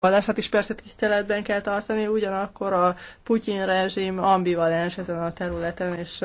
vallását is persze tiszteletben kell tartani, ugyanakkor a Putyin rezsim ambivalens ezen a területen, és